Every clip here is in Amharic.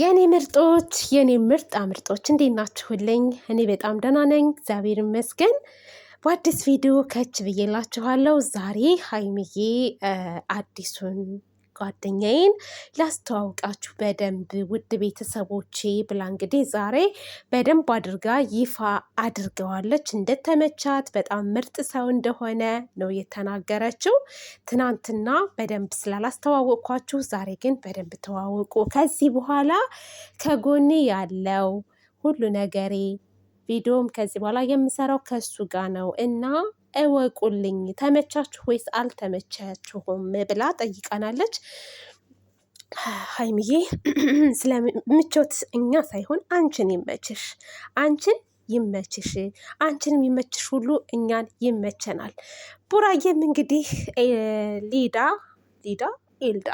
የኔ ምርጦች የኔ ምርጥ ምርጦች እንዴት ናችሁልኝ? እኔ በጣም ደህና ነኝ፣ እግዚአብሔር ይመስገን። በአዲስ ቪዲዮ ከች ብዬላችኋለሁ። ዛሬ ሀይሚዬ አዲሱን ጓደኛዬን ላስተዋውቃችሁ በደንብ ውድ ቤተሰቦቼ ብላ እንግዲህ ዛሬ በደንብ አድርጋ ይፋ አድርገዋለች። እንደተመቻት በጣም ምርጥ ሰው እንደሆነ ነው የተናገረችው። ትናንትና በደንብ ስላላስተዋወቅኳችሁ ዛሬ ግን በደንብ ተዋወቁ። ከዚህ በኋላ ከጎኔ ያለው ሁሉ ነገሬ ቪዲዮም ከዚህ በኋላ የምሰራው ከሱ ጋር ነው እና እወቁልኝ ተመቻችሁ ወይስ አልተመቻችሁም ብላ ጠይቃናለች። ሀይሚዬ ስለ ምቾት እኛ ሳይሆን አንቺን ይመችሽ፣ አንቺን ይመችሽ፣ አንቺን የሚመችሽ ሁሉ እኛን ይመቸናል። ቡራዬም እንግዲህ ሊዳ ሊዳ ኤልዳ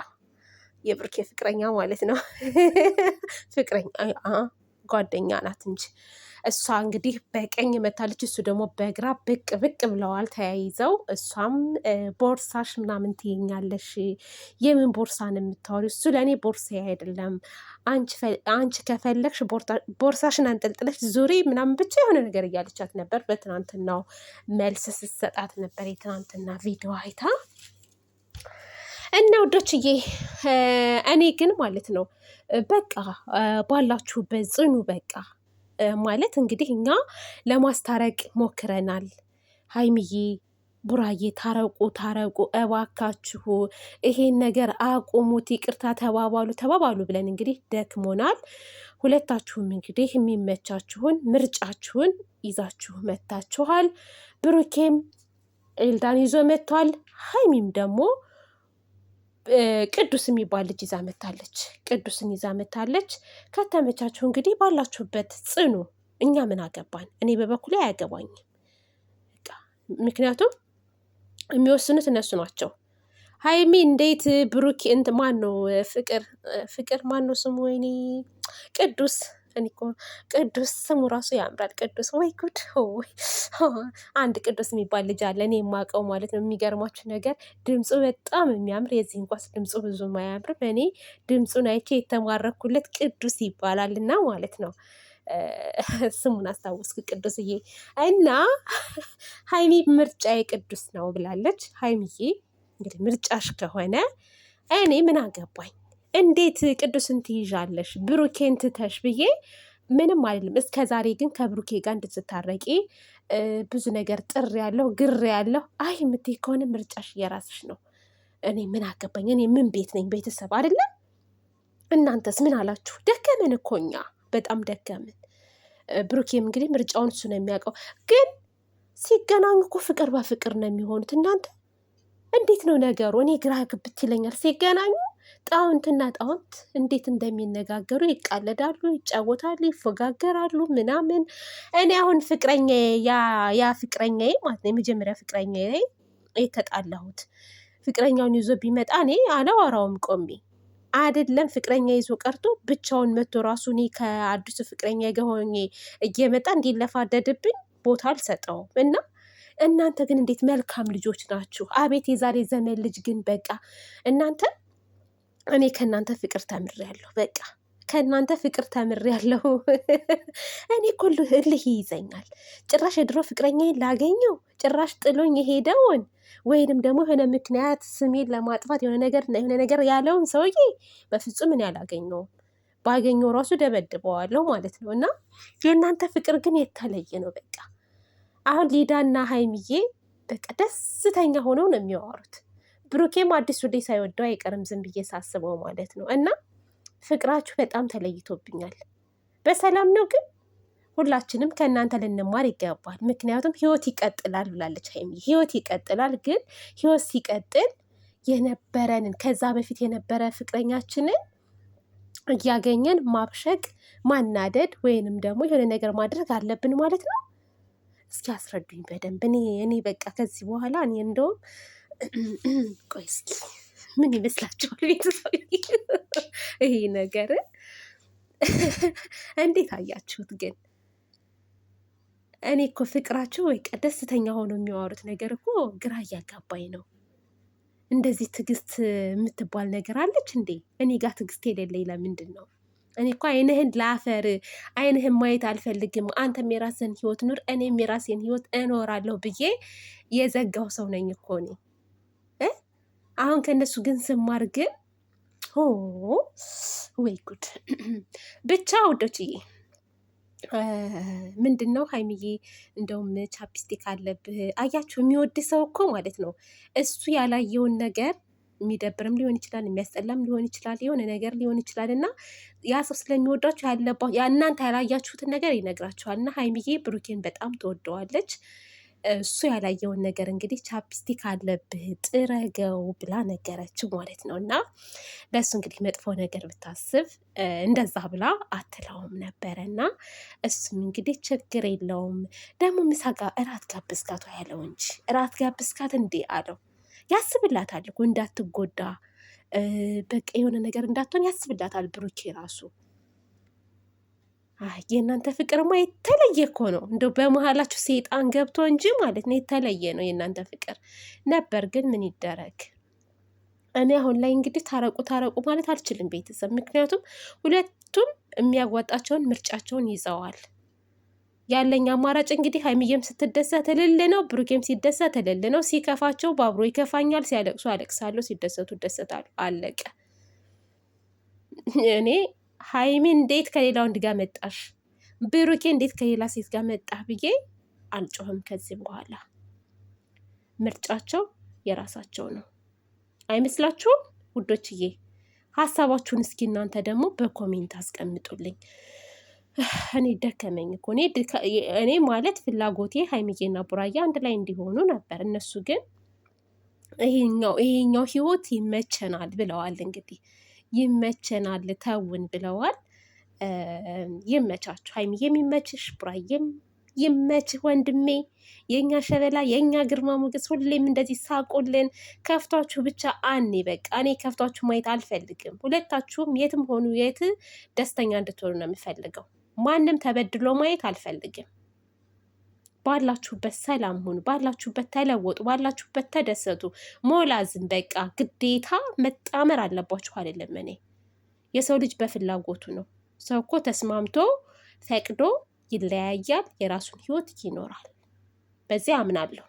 የብርኬ ፍቅረኛ ማለት ነው ፍቅረኛ ጓደኛ ናት እንጂ እሷ እንግዲህ በቀኝ መታለች፣ እሱ ደግሞ በግራ ብቅ ብቅ ብለዋል ተያይዘው። እሷም ቦርሳሽ ምናምን ትይኛለሽ፣ የምን ቦርሳ ነው የምታወሪው? እሱ ለእኔ ቦርሳ አይደለም፣ አንቺ ከፈለግሽ ቦርሳሽን አንጠልጥለሽ ዙሪ ምናምን ብቻ የሆነ ነገር እያለቻት ነበር። በትናንትናው መልስ ስትሰጣት ነበር የትናንትና ቪዲዮ አይታ እና ወዶችዬ እኔ ግን ማለት ነው በቃ ባላችሁበት ጽኑ። በቃ ማለት እንግዲህ እኛ ለማስታረቅ ሞክረናል። ሀይሚዬ ቡራዬ ታረቁ፣ ታረቁ እባካችሁ፣ ይሄን ነገር አቁሙት፣ ይቅርታ ተባባሉ፣ ተባባሉ ብለን እንግዲህ ደክሞናል። ሁለታችሁም እንግዲህ የሚመቻችሁን ምርጫችሁን ይዛችሁ መጥታችኋል። ብሩኬም ኤልዳን ይዞ መጥቷል። ሀይሚም ደግሞ ቅዱስ የሚባል ልጅ ይዛ መታለች። ቅዱስን ይዛ መታለች። ከተመቻችሁ እንግዲህ ባላችሁበት ጽኑ። እኛ ምን አገባን? እኔ በበኩሌ አያገባኝም። ምክንያቱም የሚወስኑት እነሱ ናቸው። ሀይሚ እንዴት ብሩኪ እንት ማን ነው ፍቅር ፍቅር ማን ነው ስሙ? ወይኔ ቅዱስ እኔ እኮ ቅዱስ ስሙ ራሱ ያምራል። ቅዱስ ወይ ጉድ አንድ ቅዱስ የሚባል ልጅ አለ እኔ የማውቀው ማለት ነው። የሚገርማችሁ ነገር ድምፁ በጣም የሚያምር የዚህ እንኳስ ድምፁ ብዙም አያምርም። እኔ ድምፁን አይቼ የተማረኩለት ቅዱስ ይባላል እና ማለት ነው ስሙን አስታወስኩ ቅዱስዬ። እና ሀይሚ ምርጫዬ ቅዱስ ነው ብላለች። ሀይሚዬ እንግዲህ ምርጫሽ ከሆነ እኔ ምን አገባኝ እንዴት ቅዱስን ትይዣለሽ ብሩኬን ትተሽ ብዬ ምንም አይደለም። እስከ ዛሬ ግን ከብሩኬ ጋር እንድትታረቂ ብዙ ነገር ጥር ያለው ግር ያለው አይ የምትይ ከሆነ ምርጫሽ የራስሽ ነው። እኔ ምን አገባኝ? እኔ ምን ቤት ነኝ? ቤተሰብ አይደለም። እናንተስ ምን አላችሁ? ደከመን እኮ እኛ በጣም ደከምን። ብሩኬም እንግዲህ ምርጫውን እሱ ነው የሚያውቀው። ግን ሲገናኙ እኮ ፍቅር በፍቅር ነው የሚሆኑት። እናንተ እንዴት ነው ነገሩ? እኔ ግራ ግብት ይለኛል ሲገናኙ ጣውንትና ጣውንት እንዴት እንደሚነጋገሩ ይቃለዳሉ፣ ይጫወታሉ፣ ይፎጋገራሉ ምናምን። እኔ አሁን ፍቅረኛ ያ ፍቅረኛ ማለት ነው የመጀመሪያ ፍቅረኛ የተጣላሁት ፍቅረኛውን ይዞ ቢመጣ እኔ አላወራውም ቆሜ አይደለም ፍቅረኛ ይዞ ቀርቶ ብቻውን መቶ ራሱ እኔ ከአዲሱ ፍቅረኛ ጋር ሆኜ እየመጣ እንዲለፋደድብኝ ቦታ አልሰጠውም እና እናንተ ግን እንዴት መልካም ልጆች ናችሁ! አቤት የዛሬ ዘመን ልጅ ግን በቃ እናንተ እኔ ከእናንተ ፍቅር ተምሬያለሁ። በቃ ከእናንተ ፍቅር ተምሬያለሁ። እኔ እኮ እልህ ይይዘኛል። ጭራሽ የድሮ ፍቅረኛዬን ላገኘው ጭራሽ ጥሎኝ የሄደውን ወይንም ደግሞ የሆነ ምክንያት ስሜን ለማጥፋት የሆነ ነገር የሆነ ነገር ያለውን ሰውዬ በፍጹም እኔ አላገኘውም። ባገኘው ራሱ ደበድበዋለሁ ማለት ነው። እና የእናንተ ፍቅር ግን የተለየ ነው። በቃ አሁን ሊዳና ሀይሚዬ በቃ ደስተኛ ሆነው ነው የሚያወሩት። ብሩኬም አዲስ ልጅ ሳይወደው አይቀርም ዝም ብዬ ሳስበው ማለት ነው። እና ፍቅራችሁ በጣም ተለይቶብኛል። በሰላም ነው ግን ሁላችንም ከእናንተ ልንማር ይገባል። ምክንያቱም ህይወት ይቀጥላል ብላለች ሀይሚ። ህይወት ይቀጥላል፣ ግን ህይወት ሲቀጥል የነበረንን ከዛ በፊት የነበረ ፍቅረኛችንን እያገኘን ማብሸቅ፣ ማናደድ ወይንም ደግሞ የሆነ ነገር ማድረግ አለብን ማለት ነው። እስኪ አስረዱኝ በደንብ እኔ እኔ በቃ ከዚህ በኋላ እኔ እንደውም ቆይ እስኪ ምን ይመስላችኋል ቤተሰብ? ይሄ ነገር እንዴት አያችሁት ግን? እኔ እኮ ፍቅራቸው ወይ ደስተኛ ሆኖ የሚያወሩት ነገር እኮ ግራ እያጋባኝ ነው። እንደዚህ ትዕግስት የምትባል ነገር አለች እንዴ? እኔ ጋር ትዕግስት የሌለኝ ለምንድን ነው? እኔ እኮ አይንህን ላፈር፣ አይንህን ማየት አልፈልግም፣ አንተም የራስህን ህይወት ኑር፣ እኔም የራሴን ህይወት እኖራለሁ ብዬ የዘጋው ሰው ነኝ እኮ እኔ። አሁን ከእነሱ ግን ሆ ወይ ጉድ ብቻ ውዶችዬ ምንድን ነው ሀይሚዬ፣ እንደውም ቻፕስቲክ አለብህ አያችሁ። የሚወድ ሰው እኮ ማለት ነው እሱ ያላየውን ነገር የሚደብርም ሊሆን ይችላል፣ የሚያስጠላም ሊሆን ይችላል፣ የሆነ ነገር ሊሆን ይችላል እና ያ ሰው ስለሚወዷቸው ያለባ እናንተ ያላያችሁትን ነገር ይነግራችኋል። እና ሀይሚዬ ብሩኬን በጣም ትወደዋለች። እሱ ያላየውን ነገር እንግዲህ ቻፕስቲክ አለብህ ጥረገው ብላ ነገረችው ማለት ነው። እና ለእሱ እንግዲህ መጥፎ ነገር ብታስብ እንደዛ ብላ አትለውም ነበረ። እና እሱም እንግዲህ ችግር የለውም ደግሞ ምሳ ጋር እራት ጋብዝካት ያለው እንጂ እራት ጋብዝካት እንዴ አለው። ያስብላታል እንዳትጎዳ፣ በቃ የሆነ ነገር እንዳትሆን ያስብላታል ብሩኬ ራሱ የእናንተ ፍቅርማ የተለየ እኮ ነው። እንደው በመሀላችሁ ሴጣን ገብቶ እንጂ ማለት ነው የተለየ ነው የእናንተ ፍቅር ነበር። ግን ምን ይደረግ። እኔ አሁን ላይ እንግዲህ ታረቁ ታረቁ ማለት አልችልም ቤተሰብ፣ ምክንያቱም ሁለቱም የሚያዋጣቸውን ምርጫቸውን ይዘዋል። ያለኝ አማራጭ እንግዲህ ሀይሚዬም ስትደሰት እልል ነው፣ ብሩኬም ሲደሰት እልል ነው። ሲከፋቸው ባብሮ ይከፋኛል፣ ሲያለቅሱ አለቅሳለሁ፣ ሲደሰቱ ደሰታሉ። አለቀ እኔ ሀይሚ እንዴት ከሌላ ወንድ ጋር መጣሽ? ብሩኬ እንዴት ከሌላ ሴት ጋር መጣ ብዬ አልጮህም ከዚህ በኋላ። ምርጫቸው የራሳቸው ነው አይመስላችሁም ውዶችዬ? ሀሳባችሁን እስኪ እናንተ ደግሞ በኮሜንት አስቀምጡልኝ። እኔ ደከመኝ እኮ እኔ ማለት ፍላጎቴ ሀይሚዬና ቡራዬ አንድ ላይ እንዲሆኑ ነበር። እነሱ ግን ይሄኛው ይሄኛው ህይወት ይመቸናል ብለዋል እንግዲህ ይመቸናል ተውን ብለዋል። ይመቻችሁ ሀይሚ የሚመችሽ ቡራዬም ይመች ወንድሜ፣ የእኛ ሸበላ፣ የእኛ ግርማ ሞገስ፣ ሁሌም እንደዚህ ሳቁልን። ከፍቷችሁ ብቻ አኔ በቃ እኔ ከፍቷችሁ ማየት አልፈልግም። ሁለታችሁም የትም ሆኑ የት ደስተኛ እንድትሆኑ ነው የምፈልገው። ማንም ተበድሎ ማየት አልፈልግም። ባላችሁበት ሰላም ሁኑ፣ ባላችሁበት ተለወጡ፣ ባላችሁበት ተደሰቱ። ሞላዝም በቃ ግዴታ መጣመር አለባችሁ አይደለም። እኔ የሰው ልጅ በፍላጎቱ ነው። ሰው እኮ ተስማምቶ ፈቅዶ ይለያያል፣ የራሱን ህይወት ይኖራል። በዚ አምናለሁ።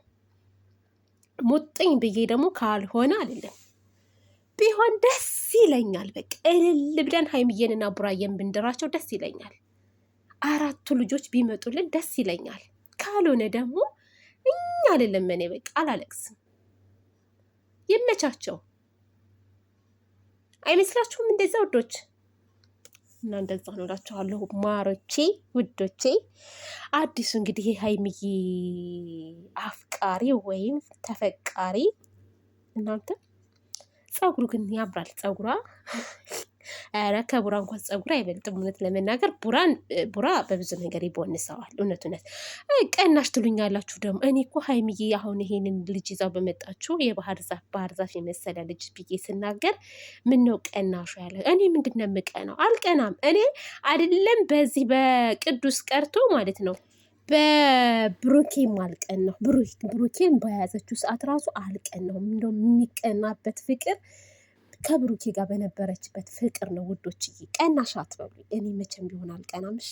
ሙጥኝ ብዬ ደግሞ ካልሆነ አይደለም ቢሆን ደስ ይለኛል። በቃ እልል ብለን ሀይምየንና ቡራዬን ብንድራቸው ደስ ይለኛል። አራቱ ልጆች ቢመጡልን ደስ ይለኛል። ካልሆነ ደግሞ እኛ አይደለም እኔ በቃ አላለቅስም። ይመቻቸው። አይመስላችሁም? እንደዛ ውዶች እና እንደዛ ነው እላችኋለሁ። ማሮቼ ውዶቼ፣ አዲሱ እንግዲህ ሀይሚዬ አፍቃሪ ወይም ተፈቃሪ እናንተ። ፀጉሩ ግን ያምራል ፀጉሯ ኧረ ከቡራ እንኳን ፀጉር አይበልጥም። እውነት ለመናገር ቡራን ቡራ በብዙ ነገር ይቦንሰዋል። እውነት እውነት ቀናሽ ትሉኛላችሁ ደግሞ እኔ እኮ ሀይሚዬ አሁን ይሄንን ልጅ ይዛው በመጣችሁ የባህር ዛፍ ባህር ዛፍ የመሰለ ልጅ ብዬ ስናገር ምን ነው ቀናሹ ያለ እኔ ምንድን ነው የምቀናው? አልቀናም። እኔ አይደለም በዚህ በቅዱስ ቀርቶ ማለት ነው በብሩኬም አልቀን ነው ብሩኬን በያዘችው ሰዓት ራሱ አልቀን ነው እንደው የሚቀናበት ፍቅር ከብሩኬ ጋር በነበረችበት ፍቅር ነው ውዶችዬ። ቀናሽ አትበሉኝ። እኔ መቼም ቢሆን አልቀናምሽ።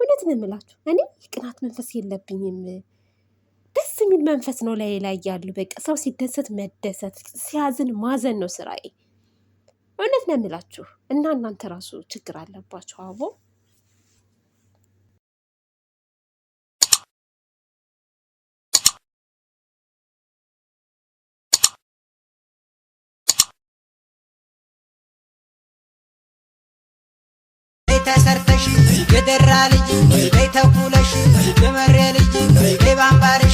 እውነት ነው የምላችሁ እኔ የቅናት መንፈስ የለብኝም። ደስ የሚል መንፈስ ነው ላይ ላይ ያሉ በቃ ሰው ሲደሰት መደሰት፣ ሲያዝን ማዘን ነው ስራዬ። እውነት ነው የምላችሁ እና እናንተ ራሱ ችግር አለባችሁ አቦ ተሰርተሽ የደራ ልጅ በይተኩለሽ የመሬ ልጅ በይ